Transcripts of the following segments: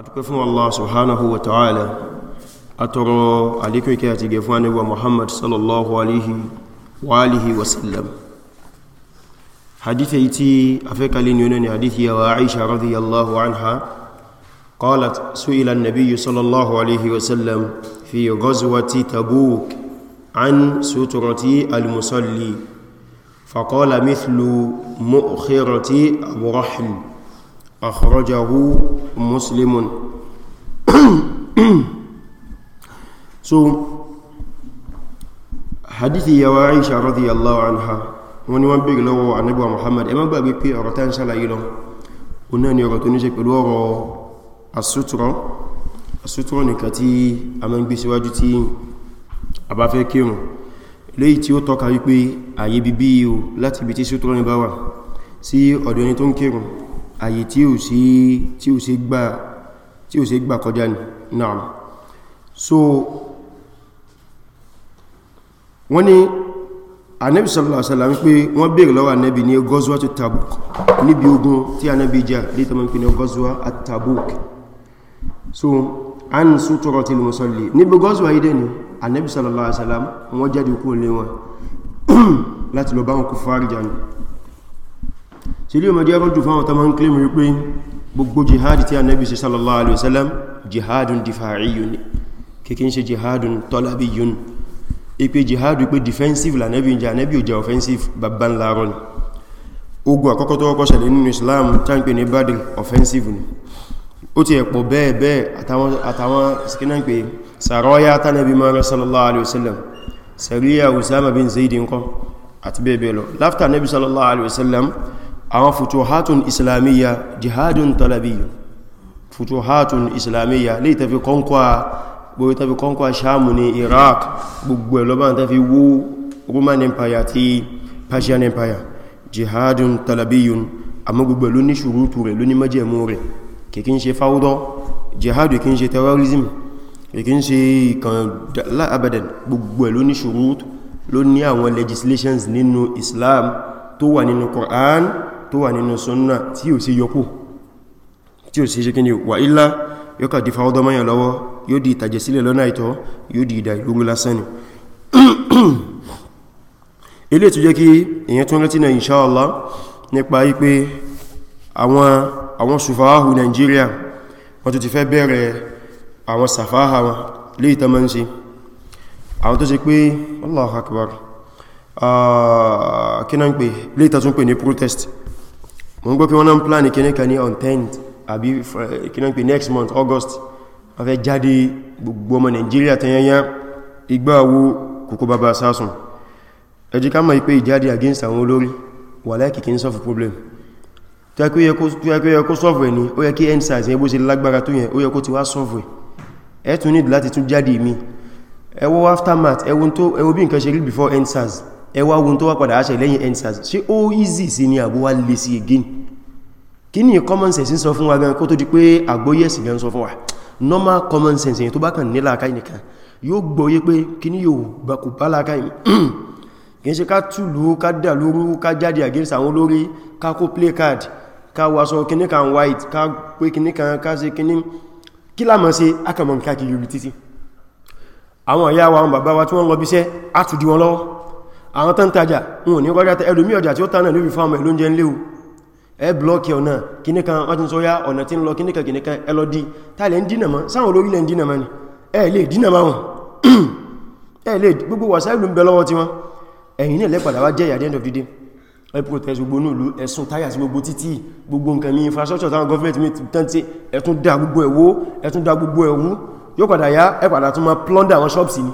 adúpẹ́ fún Allah subhanahu wa ta'ala atọrọ alikun ike àti gẹ̀fún anábíwa Muhammad sallallahu alihi wa alihi wasallam hadithi tí afẹ́kalẹ̀ ni yóò ni hadithi yawa Aisha radiyallahu anha قالت سئل النبي صلى الله عليه وسلم في غزوة تبوك عن سترة المصلي فقال مثل مؤخرة أبو رحل akhrajahu muslimun so hadithi yawa aisha radiyallahu anha wọ́n ní wọ́n bèèrè lọ́wọ́ anábíwa muhammad ẹ má gbàgbé pé ọ̀rọ̀ tá ń ṣàlàyé lọ o náà ni ọ̀rọ̀ tó ní ṣe pẹ̀lú ọ̀rọ̀ asútúrọ̀ asútúrọ̀ nìkan tí a mọ́ ń gbé síwájú tí a bá fẹ́ kírùn léyìí tí ó tọ́ka wípé àyè bíbí o láti ibi tí sútúrọ̀ ní bá wà sí ọ̀dọ̀ ẹni tó ń kírùn àyè tí ò sí tí ò sí gbà tí ò sí gbà kọjá náà so wọ́n ni anẹ́bì sallallahu alaihi wasallam pé wọ́n bèèrè lọ́wọ́ anẹ́bì ní gọ́zùwá tó Tabuk níbi ogun tí anẹ́bì jà lítọ́ mọ́ ní gọ́zùwá at Tabuk so an suturatil musalli níbi gọ́zùwá yìí dẹ̀ ni anẹ́bì sallallahu alaihi wasallam wọ́n jáde kúrò lé wọn láti lọ bá wọn kò fárí jánu sí ilé ọmọdé ọrọ̀ jù fáwọn tàbí claim wípé gbogbo jihadi tí Ànábì ṣe sallallahu alaihi wasallam jihadun difa'iyyun kìkín ṣe jihadun talabiyyun ipe jihadu ipe defensive lànẹ́bí jẹ́ Ànábì ò offensive babban láàrọ̀ ni ogun àkọ́kọ́ tó kọ́kọ́ ṣẹlẹ̀ nínú Islam tánpé ní Badr offensive ni ó ti ẹ̀pọ̀ bẹ́ẹ̀ bẹ́ẹ̀ àtàwọn sikinan pé sàrọ́yá tánàbí mara sallallahu alaihi wasallam sàríyà Usama bin Zaid ńkọ́ àti bẹ́ẹ̀ bẹ́ẹ̀ lọ láftà Ànábì sallallahu alaihi wasallam àwọn futuhatun islamiyya jihadun talabiyya futuhatun islamiyya lè tafi kọ́nkọ́ gbogbo tafi kọ́nkọ́ ṣàmù ní iraq gbogbo ẹ̀lọ́bá tafi wó roman empire àti persian empire jihadun talabiyyun àmọ́ gbogbo ló ní ṣùrútù rẹ̀ ló ní májẹ̀mú rẹ̀ kìkí ṣe fáwọ́dọ́ jihadu kìí ṣe terrorism kìkí ń ṣe ìkan abadan gbogbo ló ní ṣùrútù ló ní àwọn legislations nínú islam tó wà nínú quran tó wà nínú sunna tí ò sí yọkú tí ò sí ṣe kíni wà ilá yóò kà di fáwọ́dọ́mọ́yàn lọ́wọ́ yóò di ìtàjẹ̀ sílẹ̀ lọ́nà àìtọ́ yóò di ìdà ìlúrú lásán ni ilé tó jẹ́ kí èyàn tó rántí na inṣáàlá nípa wípé àwọn Nigeria wọ́n tó ti fẹ́ bẹ̀rẹ̀ àwọn sàfáhà wọn lè ìtàmọ́ ń ṣe àwọn tó ṣe pé Allahu Akbar ah, kí náà ń pè lè ìtàtún pè ní protest wọ́n gbọ́ pé wọ́n náà plan ìkíní kan ní on 10th àbí ìkíní pé next month August wọ́n fẹ́ jáde gbogbo ọmọ Nigeria tanyanya igbá wo kòkó bàbá sásùn ẹjí ká mọ̀ ipé ìjáde against àwọn olórí wà láìkì kí ń sọ́fù problem tó yẹ kó sọ́fù ẹ̀ ní ó yẹ kí endsars yẹn bó ṣe lágbára ó yẹ kó sọ́fù ẹ̀ ẹ̀ tún need láti mi ẹ aftermath ẹ wo bí before endsars ẹwà ogun tó wá padà aṣẹ lẹ́yìn endsars ṣe ó easy sí ni àbúwá lè sí again kí ni common sense sọ fún wa gan kó tó di pé àgbóyẹ̀sì gan sọ fún wa normal common sense yẹn tó bá kàn nílà akáyì nìkan yóò gbọ́yé pé kí ni yóò gbàkù bá lákáyì kì í ṣe ká túlù ká dà lóru ká jáde against àwọn olórí ká kó play card ká waṣọ kíní kan white ká pé kíní kan ká ṣe kíní kí lámọ̀ sí akàmọ̀ nǹkan kiri títí àwọn ìyá wa àwọn bàbá wa tí wọ́n lọ bíṣẹ́ á wọn lọ́wọ́ àwọn tán tajà wọn ní kọjá tẹ ẹlòmí ọjà tí ó tánà lórí fáwọn ẹ̀lú oúnjẹ léwu ẹ blọ́kì ọ̀nà kìníkan wọ́n ti sọ́yá ọ̀nà tí ń lọ kìníkan kìníkan ẹlọ́dí tààlẹ̀ ń dínàmọ́ sáwọn olórílẹ̀ ń dínàmọ́ ni ẹ lè dínàmọ́ wọn ẹ lè gbogbo wà sáìlú ń bẹ lọ́wọ́ tí wọ́n ẹ̀yìn náà lẹ́pàdà wá jẹ́ ìyàdẹ́ ẹ̀dọ̀dídé ẹ protest gbogbo nílùú ẹ̀sùn táyà sí gbogbo títì gbogbo nǹkan ní infrastructure táwọn government mi tán tí ẹ̀tún dá gbogbo ẹ̀wó ẹ̀tún dá gbogbo ẹ̀wú yóò padà yá ẹ̀pàdà tún máa plunder àwọn shops ni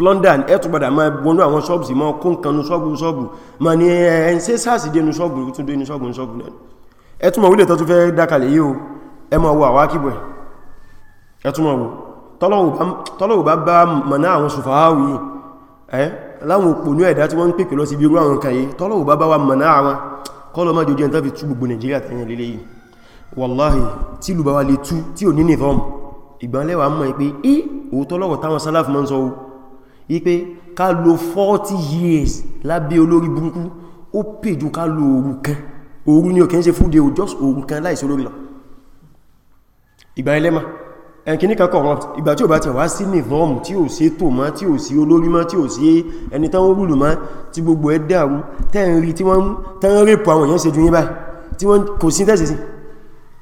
plunder ẹ̀ tún padà máa wọnú àwọn ṣọ́ọ̀bù sí máa kún kanú ṣọ́ọ̀bù ṣọ́ọ̀bù ma ní ẹ̀ ń ṣe sáàsì dénú ṣọ́ọ̀bù tún dénú ṣọ́ọ̀bù ṣọ́ọ̀bù náà ẹ tún mọ̀ wílẹ̀ tó tún fẹ́ dákalẹ̀ yìí o ẹ máa wo àwọn akíbọ̀ ẹ tún mọ̀ wo tọ́lọ̀wò bá bá mọ̀ná àwọn sùfàáwì ẹ́ láwọn òpònú ẹ̀dá tí wọ́n ń pèpè lọ sí ibi irú àwọn nǹkan yìí tọ́lọ̀wò bá bá wa mọ̀ná àwọn kọ́lọ̀ má jòjẹ́ tán fi tú gbogbo Nàìjíríà tẹ́yìn lílé yìí wàláhì tí ìlú bá wa lè tú tí ò ní nìfọ́m ìgbàlẹ́wà mọ̀ pé í òótọ́lọ̀wọ̀ táwọn sálàfù mọ́ ń sọ wípé ká lo 40 years lábẹ́ olórí burúkú ó pèjú ká lo òru kan òru ni o kí ń ṣe fúdé ò just òru kan láìsí olórí lọ ìgbà ẹlẹ́mà ẹnkìní kan corrupt ìgbà tí ò bá ti wá sí nìvọ́ọ̀mù tí ò sí ètò mọ́ tí ò sí olórí mọ́ tí ò sí ẹni tán ó rúlù mọ́ tí gbogbo ẹ dàrú tẹ́ẹ̀n rí tí wọ́n tán rèpù àwọn èèyàn ṣe ju yín báyìí tí wọ́n kò sí tẹ́sì sí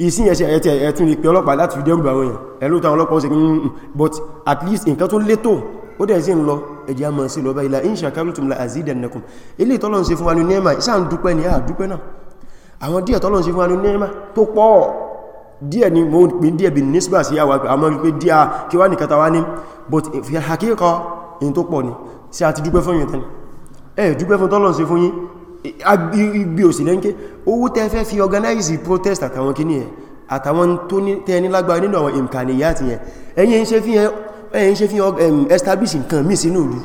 ìsìn ẹ̀ṣẹ̀ ẹ̀tún lè pe ọlọ́pàá láti fi dẹ́rù àwọn èèyàn ẹ̀lú but at least nǹkan tó létò ó dẹ̀ sí ń lọ ẹjẹ́ a máa sí lọ bá ilá in shakartum la azidannakum ilé tọ́lọ́n ṣe fún wa ní nẹ́ẹ̀mà sáà ń dúpẹ́ ní àà náà àwọn díẹ̀ tọ́lọ́n ṣe fún wa ní nẹ́ẹ̀mà tó pọ̀ díẹ̀ ni mo pín díẹ̀ bí nísbà sí àwọn àmọ́ pé díẹ̀ kí wá nìkata wá ní but fi hakíkọ in tó pọ̀ ni sí àti dúpẹ́ fún yìí tẹ́ni ẹ dúpẹ́ fún tọ́lọ́n ṣe fún yín ibi òsì lẹ́ńké owó tẹ́ fẹ́ fi organize protest àtàwọn kíní ẹ̀ àtàwọn tó ní tẹ́ ní lágbára nínú àwọn ìmkànìyà ti yẹn ẹ̀yìn ṣe fi yẹn ẹ̀yìn ṣe fi establish nǹkan mí sínú ìlú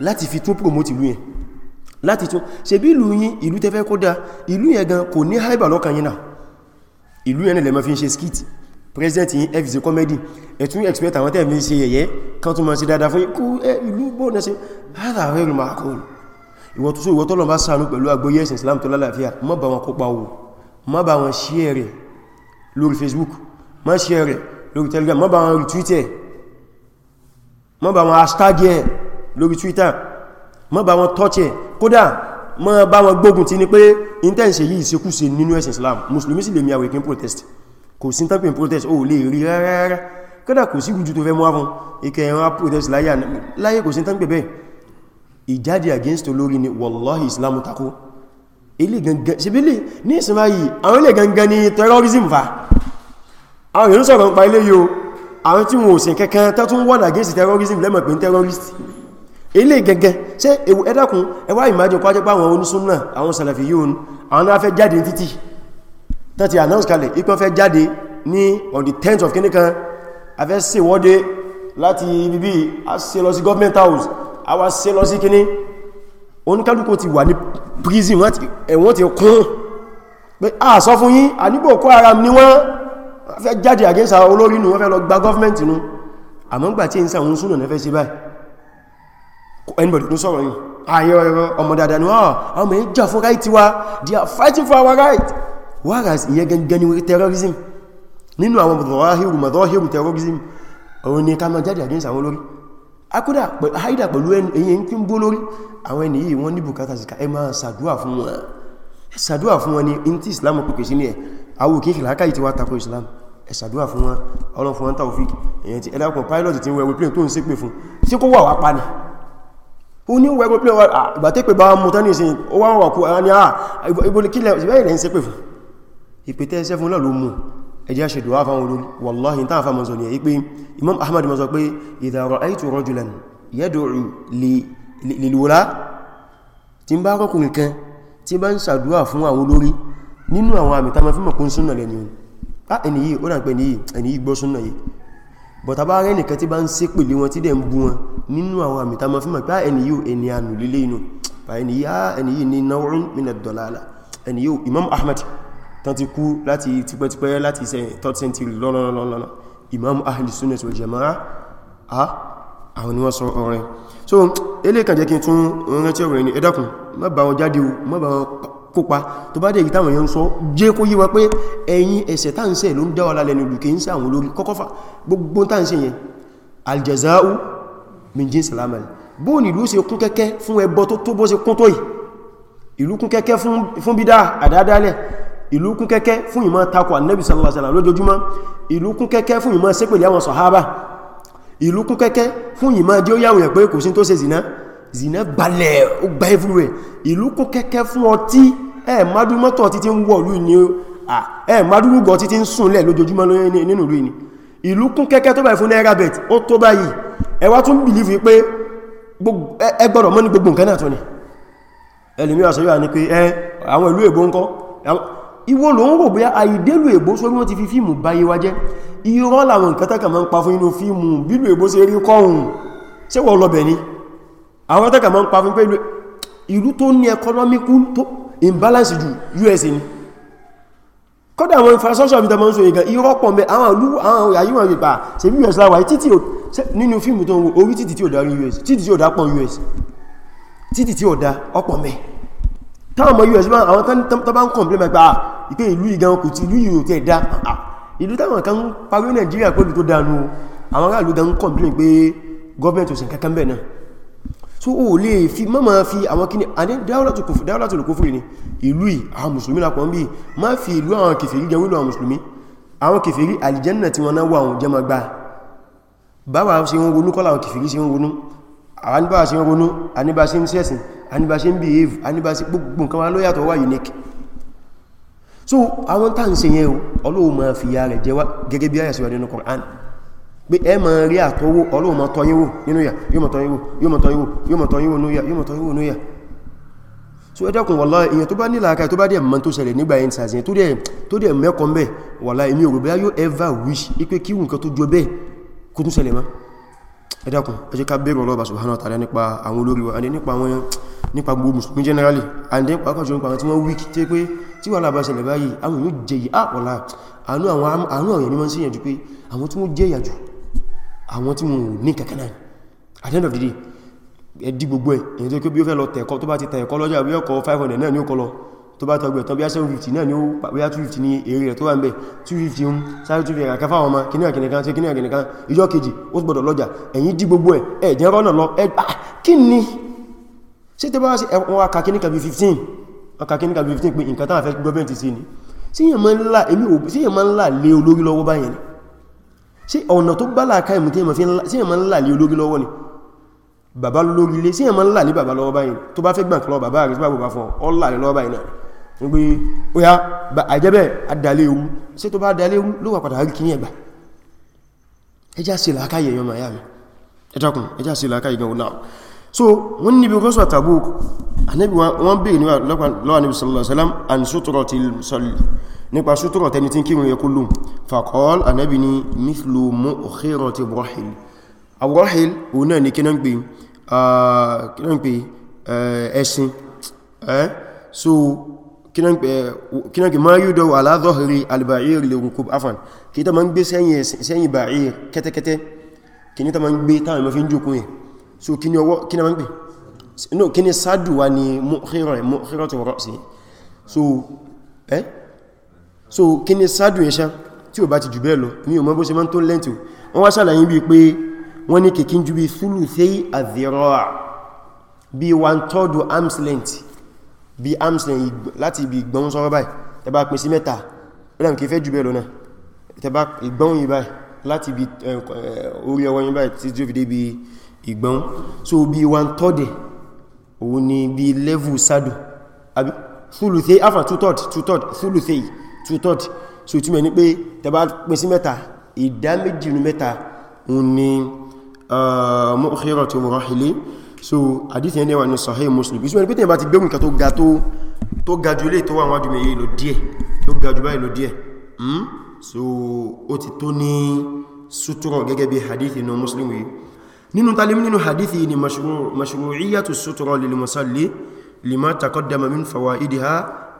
láti fi tún promote ìlú yẹn láti tún ṣe bí ìlú yín ìlú tẹ́fẹ́ kó dá ìlú yẹn gan kò ní haibà lọ́kàn yín náà ìlú yẹn lẹ́mọ́ fi ń ṣe skit president yín fz comedy ẹ̀tún expect àwọn tẹ́ẹ̀mí ṣe yẹ̀yẹ́ kan tún mọ́ sí dáadáa fún ikú ìlú bóòdá sí hádà rẹ̀rù máa kọ́ ìwọ̀ tó sọ ìwọ̀ tọ́lọ̀ bá ṣàánú pẹ̀lú àgbóyẹ̀ ẹ̀sìn Islam tó lálàáfíà má bá wọn kópa wò má bá wọn share rẹ̀ lórí Facebook má share rẹ̀ lórí Telegram má bá wọn retweet mọ́ bá wọn hashtag ẹ̀ lórí twitter mọ́ bá wọn touch ẹ̀ kódà mọ́ bá wọn gbógun ti ní pé intense yìí ìṣekúṣe nínú ẹ̀sìn islam musulmi sì lè mi àwẹ̀kín protest kò sí tọ́pìn protest ó lè rí rárá kódà kò sí ìrújú tó fẹ́ mú fún ikẹ̀ ẹ̀rọ protest láyé kò sí tọ́pìn bẹ́ẹ̀ against olórí ni wallahi islam takó ilé gangan ṣe bí lè ní ìsinmi àwọn ilé gangan ni terrorism fa àwọn tí wọn ò sìn kankan tó tún wọ́n against terrorism lẹ́mọ̀ pé terrorist ilé gẹ́gẹ́ ṣe ewu ẹ̀dàkùn ẹwà ìmájẹ̀ kọ́ ajẹ́pá àwọn onísúnnà àwọn sàlàfí yíò ní àwọn náà fẹ́ jáde ní títì tàti announce kalẹ̀ ipẹ́ fẹ́ jáde ní on the 10th of kínníkan a fẹ́ ṣe wọ́dé láti ibi a ṣe lọ sí government house a wá ṣe lọ sí kíní oníkálùkù ti wà ní prison ẹ̀wọ̀n ti kún pé a sọ fún yín àníbò kó ara ní wọ́n fẹ́ jáde àgẹ́sà olórí nù wọ́n fẹ́ lọ gba gọ́ọ̀mẹ́ntì nù àmọ́gbà tí ń sà ń súnà nẹ́fẹ́ sí báyìí anybody tó sọ̀rọ̀ yìí ayọ́ ẹ̀rọ ọmọ dada ni wọ́n ọmọ yìí jà fún right wa they are fighting for our right whereas ìyẹ́ gẹ́gẹ́ ni terrorism nínú àwọn mọ̀dọ̀hìrù mọ̀dọ̀hìrù terrorism òun ni ká máa jáde àgẹ́sà àwọn olórí akúdà haida pẹ̀lú ẹ̀yẹ ń pín bó lórí àwọn ẹni yìí wọ́n ní bùkátà sí ká ẹ máa ṣàdúà fún wọn ṣàdúà fún wọn ni in ti islam pèpè sí ni ẹ̀ àwọn òkè ìlàkà ìtiwá takò islam ẹ̀sàdúwà fún wọn ọlọ́ fún wọn taufik èyàn ti ẹlẹ́kùn pilot ti wọ aeroplane tó ń ṣépè fún sí kó wà wá pa ní ó ní wọ aeroplane wà ìgbàtẹ́pẹ̀ bá mú tán ní ìsìn ó wá wà kú ara ní àà ìbò kílẹ̀ imam ahmad mọ̀sọ̀ pé idha ra'aytu rajulan yad'u lilwala tí ń bá rọ́kùnrin kan tí bá ń ṣàdúwà fún àwọn olórí nínú Ah, ẹni yìí ó náà pẹ̀ ní ẹni yìí gbọ́ súnà yìí bọ̀tà bá rẹ̀ nìkan tí bá ń sé pèlé wọn tí dẹ̀ ń bú wọn nínú àwọn àmì tamọ́ fún mọ̀ pé ah, ẹni yìí ẹni ànù lílé inú ẹni yìí ní náwọ́rún minad dalala ẹni yìí Imam Ahmad tán Imam Ahli Sunnah wal Jama'ah ah, àwọn ni wọ́n sọ ọ̀rẹ́ so elékan jẹ́ kí n tún rántí ọ̀rẹ́ ni ẹ̀dàkùn má bá kópa tó bá dé ìgbì táwọn èèyàn sọ jẹ́ kó yíwa pé ẹ̀yin ẹ̀ṣẹ̀ táǹsẹ̀ ló ń dáwà lálẹ́nu olùkè ń sáwọn olórí kọ́kọ́fà gbogbo táǹsẹ̀ yẹn aljaza'u min jinsil amal bó ní ìlú ṣe kún kẹ́kẹ́ fún ẹbọ tó tó bó ṣe kún tó yìí ìlú kún kẹ́kẹ́ fún bídá àdádálẹ̀ ìlú kún kẹ́kẹ́ fún ìmọ̀ takwa annabi sallallahu alaihi wasallam lójoojúmọ́ ìlú kún kẹ́kẹ́ fún ìmọ̀ ṣépèlé àwọn sàhábà ìlú kún kẹ́kẹ́ fún ìmọ̀ jẹ́ ó yàwó yẹ̀ pé kò sí tó ṣe zìná zina balẹ̀ ó gbá everywhere ìlú kún kẹ́kẹ́ fún ọtí ẹ̀ mádúmọ́tọ̀ títí ń wọ̀ lú ní ẹ̀ mádúrúgọ títí ń súnlẹ̀ lójoojúmọ́ nínú ìlú ni ìlú kún kẹ́kẹ́ tó báyìí fún náírà bet ó tó báyìí ẹ wá tún bìlífì pé ẹ gbọ́dọ̀ mọ́ ní gbogbo nǹkan náà tó ni ẹlùmí àṣọ yóò ní pé ẹ àwọn ìlú èbó ńkọ́ ìwọ ló ń rò bí àìdélù èbó sórí wọ́n ti fi fíìmù báyé wa jẹ́ àwọn tẹ́kà máa ń pa fún pé ìlú tó ní economic tó imbalance ju USA ni kọ́dá àwọn infrastructure vita mọ́sùn ìgbà ìrọ́pọ̀ mẹ́ àwọn olú àwọn àyíwọ̀n ìgbà ṣe bí US láwà títí nínú fíìmù tó ń wo orí títí tí ó dá US títí tí ó dá pọ̀ US títí tí ó dá ọpọ̀ mẹ́ táwọn ọmọ US àwọn tó bá ń kọ̀m̀plé mẹ́gbà ìpé ìlú ìgan kò ti ìlú ìrò tẹ́ dá ah, ìlú táwọn kan parí Nàìjíríà pẹ̀lú tó dánú àwọn aráàlú gan kọ̀m̀plé pé gọ́ọ̀mẹ̀ntì ò sì kankan bẹ̀ náà so o lè fi mọ́mọ́ fi àwọn kíni àní dáwọ́látò kúfùrì ní ìlú àwọn musulmi lápọ̀ ń bí má fi ìlú àwọn kèfèrí jẹ wílò àwọn musulmi àwọn kèfèrí alìjẹ́nà tí wọ́n náwó àwọn jẹmọ́ gbá báwa ṣe ń ronú kọ́lá àwọn kèfèrí ṣe ń ronú àníbá ṣe ń ronú àníbá ṣe ń sẹ́sìn àníbá ṣe ń behave àníbá ṣe gbogbo nǹkan wọn lóyàtọ̀ wà unique so àwọn tá ń ṣe yẹn ọlọ́wọ́ máa fi ya rẹ̀ jẹ́wà gẹ́gẹ́ bí ayàṣẹ́wà nínú Qur'an pé ẹ máa rí àtọwò Ọlọ́run tọ́ yín nínú yà yóò so ẹ dákun mọ̀ tó ṣẹlẹ̀ nígbà yẹn sàzìn tó ever wish ipe kí nǹkan tó jọ bẹ́ẹ̀ kó tún ṣẹlẹ̀ nípa àwọn olórí wa nípa àwọn nípa gbogbo mùsùlùmí generally and then pàápàá nípa àwọn tí wọ́n wíkì tí pé tí wà lábá ṣẹlẹ̀ báyìí àwọn yóò jẹ yìí ah, àpọ̀lá àánú àwọn èèyàn àwọn tí wọn ò ní kankan náà at the end of the day ẹdí gbogbo ẹ̀ èyí tó kí bí ó fẹ́ lọ tẹ̀ẹ̀kọ́ tó bá ti tẹ̀ẹ̀kọ́ lọ́jà bí ọkọ̀ 500 náà ni ó kọ́ lọ tó bá tọgbẹ̀ tán bí á 750 náà ni ó bí á 250 ní èrè rẹ̀ tó wà ń bẹ̀ 250 ń sáré 250 rẹ̀ káfà ọmọ kìnnì àkìnnìkan tí kìnnì àkìnnìkan ìjọ kejì ó sì gbọdọ̀ lọ́jà ẹ̀yìn dí gbogbo ẹ̀ ẹ̀ jẹ́ rọ́nà lọ ẹ̀ ah, kí ni ṣe tẹ́ bá ṣe ẹ̀wọ̀n aka kìnnì kàbí 15 aka kìnnì kàbí 15 pé nǹkan táwọn fẹ́ gọ́ọ̀mẹ́ntì sí ni síyàn máa ń là lé olórí lọ́wọ́ báyẹn ni sí ọ̀nà tó gbá láàká ìmú tí èmà ń làlé olórí lọ́wọ́ ni bàbá lórí lé sí èmà ń làlé bàbá lọ́wọ́ báyìí tó bá fẹ́ gbà kọlọ bàbá rẹ̀ bàbá fún ọ làlé lọ́wọ́ báyìí náà wípé oya àjẹ́bẹ̀ adalé ewu sí tó bá adalé ewu ló wà padà rí kí ní ẹgbà ẹjá sí làáká yẹ̀yọ́ màá yà mí ẹjákùn ẹjá nípa sútúrọ̀ tẹni tí ń kírun yẹ kúlù fàkọ́l ànábì ni mithlu mukhirati burahil aburahil òun náà ni kínan ẹṣin so kínan pé ma yudaw ala dhahri alba'ir li rukub afan kí ta ma ń gbé sẹ́yìn ba'ir kẹ́tẹ́kẹ́tẹ́ kí ni ta ma ń gbé táwọn ma fi yẹ so kí ni ọwọ́ kí ni ma ń pè no kí ni sáàdù wa ni mukhirati burahil so eh so kí ni sádùn ẹ̀ṣá tí ò bá ti jù bẹ́ẹ̀ lọ ní ọmọ bó ṣe máa ń tó lẹ́ntì wọ́n wá sàlàyé bí pé wọ́n ní kìkín ju bí thulu théí àdìrọ́à bí one third arms length bí arms length láti ibi ìgbọ́n sọ́rọ́ báyìí tẹ́ bá pín sí mẹ́ta ẹ̀rọ kìí so bí one third òun ni level sádùn àbí thulu théí after two third two two third so ìtumọ̀ ní pé tẹba pín sí mẹ́ta ìdá méjì ní mẹ́ta òun ni uh, mu'khiratu murahili so hadith yẹn wà ní sahih muslim ìtumọ̀ ní pé tẹba ti gbé nǹkan tó ga tó ga jù lè tó wà wájú mẹ́yẹ lọ díẹ̀ tó ga jù báyìí lọ díẹ̀ hmm? so ó ti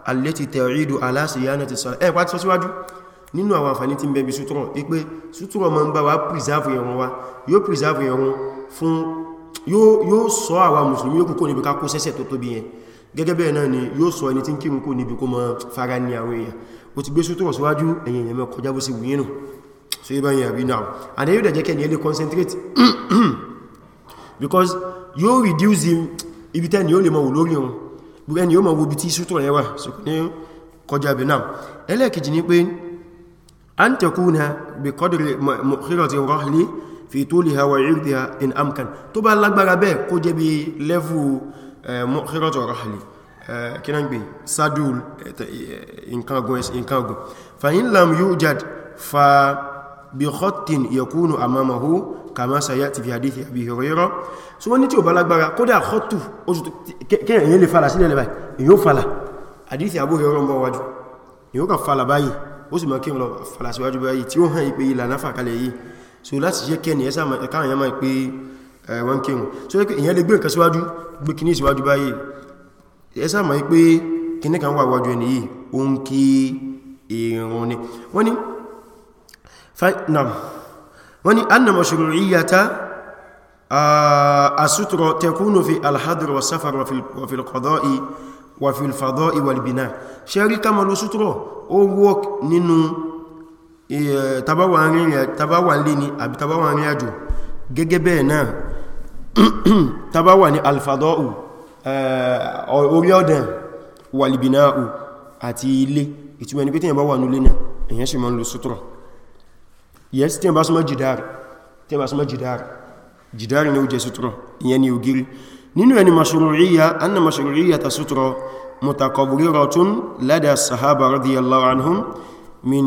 alẹ́tì tẹ̀rídù aláṣìyánà ti sọ́lá ẹ̀pá ti sọ síwájú nínú àwọn àǹfàní tí ń bẹ̀bí sútúrọ̀ ipé sútúrọ̀ ma ń bá wa pìsáàfù ẹ̀rùn wa yóò pìsáàfù ẹ̀rùn fún yóò sọ àwa mùsùlùmí yóò kúkò níbi ká kó sẹ́sẹ̀ tó tóbi yẹn gẹ́gẹ́ bẹ́ẹ̀ náà ni yóò sọ ẹni tí ń kírun kò níbi kó mọ fara ní àwọn èèyàn ó ti gbé sútúrọ̀ síwájú ẹ̀yìn ẹ̀yẹ̀mẹ́ kọjá bó sì wù yínú so yí bá yẹn àbí náà and yóò dẹ̀ jẹ́ kẹ́ni ẹlẹ́ concentrate because yóò reduce him, ibi tẹ́ni yóò lè mọ̀ wù lórí wọn ẹni yóò ma wo bí tí sútúrà yẹwà so ní kọjá bí náà ẹlẹ́ẹ̀kejì ní pé an takuna bí kọdìrì mọ̀kírọ̀tí rọ́hlì fi tuliha wa irdiha in amkan tó bá lágbára bẹ́ẹ̀ kó jẹ́ bí lẹ́fù mọ̀kírọ̀tí rọ́hlì kínàgbé kama sayati fi hadithi abi hurayra so wọ́n ní tí ó bá lágbára kódà khotu ojú ke eyan lè fala sílẹ̀ le báyìí eyan fala hadithi abu hurayra mbo wájú eyan kàn fala báyìí ó sì ma kin lọ fala sí báyìí tí ó nafa kale yi so láti ma kan yan ma ipe eh wọ́n kin so ke eyan lè ma ipe kíní kan wà wájú ẹni yìí ó fa nam wọ́n ni anna mashru'iyyata uh, asutura tekunu fi alhadur wa safar wa fil qada'i wa fil fada'i wal bina sheri kama lo sutura o work nínú e, tabawa nle ni àbí gẹ́gẹ́ bẹ́ẹ̀ náà tabawa ni alfada'u uh, orí ọ̀dàn wal àti ilé ìtumẹ̀ ni pé tí bá wà nílé náà èyàn ṣe máa lo sutura yes tí bá súnmọ́ jìdáàrì tí bá súnmọ́ jìdáàrì jìdáàrì ni ó jẹ sútúrọ̀ ìyẹn ni ògiri nínú ẹni mashru'iyya anna mashru'iyya ta sútúrọ̀ mutaqabbiratun lada sahaba radiyallahu anhum min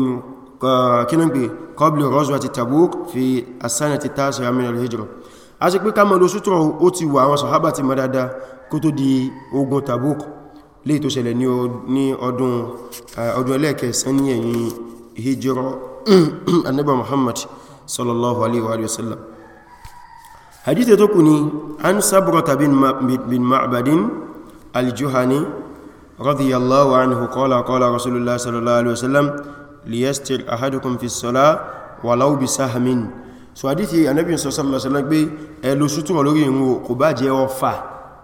kínan pé qabla ghazwati Tabuk fi as-sanati at-tasi'a min al-hijra a sì pé ká mọ̀ ló sútúrọ̀ ó ti wà àwọn sahaba ti mọ̀ kó tó di ogun Tabuk léè tó ṣẹlẹ̀ ní ọdún eh, ẹlẹ́ẹ̀kẹsàn ní ẹ̀yìn hijra annabi muhammad sallallahu alaihi wa sallam hadithi tó kù ni an sabrata bin ma'badin aljuhani radiyallahu anhu qala qala rasulullah sallallahu alaihi wa sallam liyastir ahadukum fi as-salah walau bi sahmin so hadithi annabi sallallahu alaihi wa sallam pé ẹ lo sutura lórí irun kò bá jẹ́ ọfà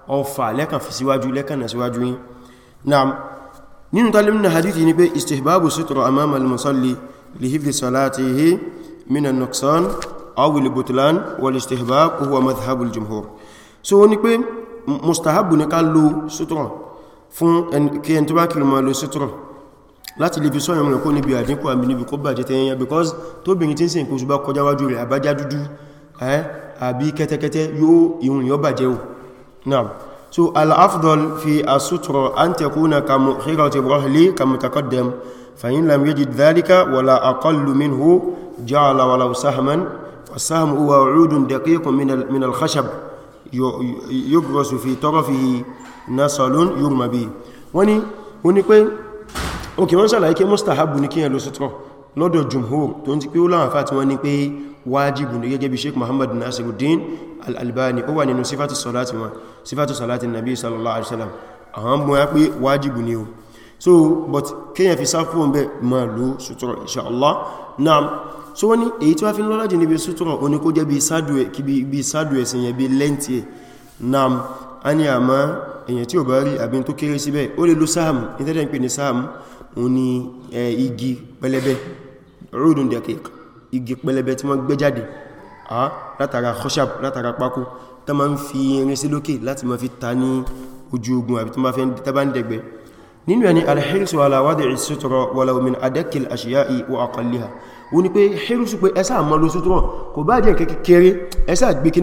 ọfà lẹ́kàn fi síwájú lẹ́kàn na síwájú yín na'am nínú talim hadithi ni pé istihbabu sutura amama al-musalli لحفظ صلاته من النقصان أو البطلان والاستهباب وهو مذهب الجمهور so wọ́n ní pé mustahabu ní ká lo sutura fún kí ẹni tó bá kìlọ̀ máa lo sutura láti lè fi sọ́yọ̀ mọ̀ kó níbi àdínkù àmì níbi kó bàjẹ́ tẹ́yẹn because tó bìnrin tí ń sìn kó ṣùgbá kọjá wájú rẹ̀ àbájá dúdú àbí kẹ́tẹ́kẹ́tẹ́ yóò ìhun yóò bàjẹ́ ò náà so al-afdal fi asutura an takuna ka mukhirati rahli ka mutaqaddam fa in lam yajid dhalika wala aqallu minhu ja'ala walau sahman والسهم هو عود دقيق من من الخشب يغرس في طرفه نصل يرمى به wani wani pé okay wọ́n ṣàlàyé ke mustahab ni kiyan lo sutro lọ́dọ̀ jumhur tó nti pé ó láwọn fa tí pé wájìbù ní gẹ́gẹ́ bí sheik muhammad nasiruddin al-albani ó wà nínú sífàtù salati wọn sífàtù salati nabi sallallahu alaihi wasallam àwọn mọ́ ya pé wájìbù ni o so but kíyàn fi sáfù ọmọbẹ̀ ma lò sutura inṣàlá naam so wọ́n ni èyí tí wá fi lọ́lájì níbi sutura o ní kó jẹ́ bí sádù ẹ̀sìn yẹn bí lẹ́ntì ẹ̀ naam a ní àmá èyàn tí ò bá rí àbí tó kéré igi pẹlẹbẹ tí wọ́n gbé jáde látara khoshab látara pákó tó ma ń fi irin sí lókè láti ma fi ta ní ojú ogun àbí tó ma fi tàbá ń dẹ̀gbẹ́ nínú ẹni alhírùsù aláwádìí ìsútọrọ wala min adẹ́kìl àṣíyá ìwọ àkọlìhà ó ní pé hírùsù pé ẹsà àmọ́ ló sútọrọ kò bá jẹ́ kékeré ẹsà gbé kí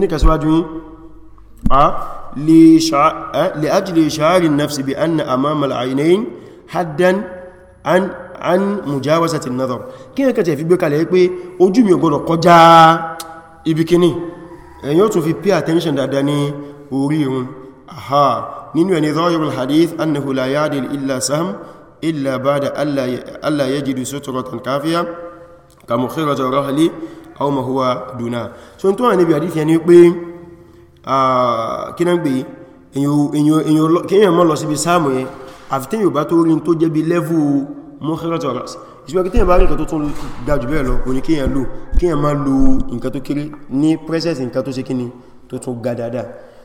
an mujawazati an-nazar kí ẹ̀kẹ́ tẹ̀ fi gbé kalẹ̀ pé ojú mi ò gbọdọ̀ kọjá ibi kíní ẹ̀yin ó tún fi pay attention dáadáa ní orí irun aha nínú ẹni zahirul hadith annahu la yadil illa sahm illa ba'da alla yajidu sutratan kafiya ka mukhirati rahli aw ma huwa duna so n tó wà níbi hadith yẹn ni pé kí náà gbé èyàn mọ́ lọ síbi sáàmù yẹn àfitíyàn bá tó rí tó jẹ́bi level mọ́kírọ̀tọ̀ ras ìṣúgbà kí tẹ́yàn bá rí nǹkan tó tún gbájú bẹ́ẹ̀ lọ kò ní kíyàn lò kíyàn má lo nǹkan tó kéré ní presence nǹkan tó ṣe kíni tó tún ga dáadáa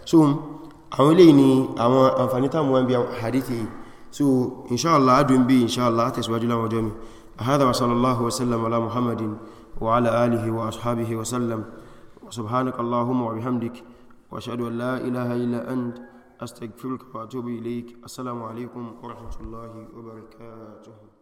so àwọn ilé ni àwọn àǹfàní táwọn inshallah adùn bí inshallah tẹ̀síwájú láwọn ọjọ́ mi wa sallallahu wasallam ala muhammadin wa ala alihi wa ashabihi wa sallam bihamdik wa ashhadu an la ilaha illa ant أستغفرك وأتوب إليك السلام عليكم ورحمة الله وبركاته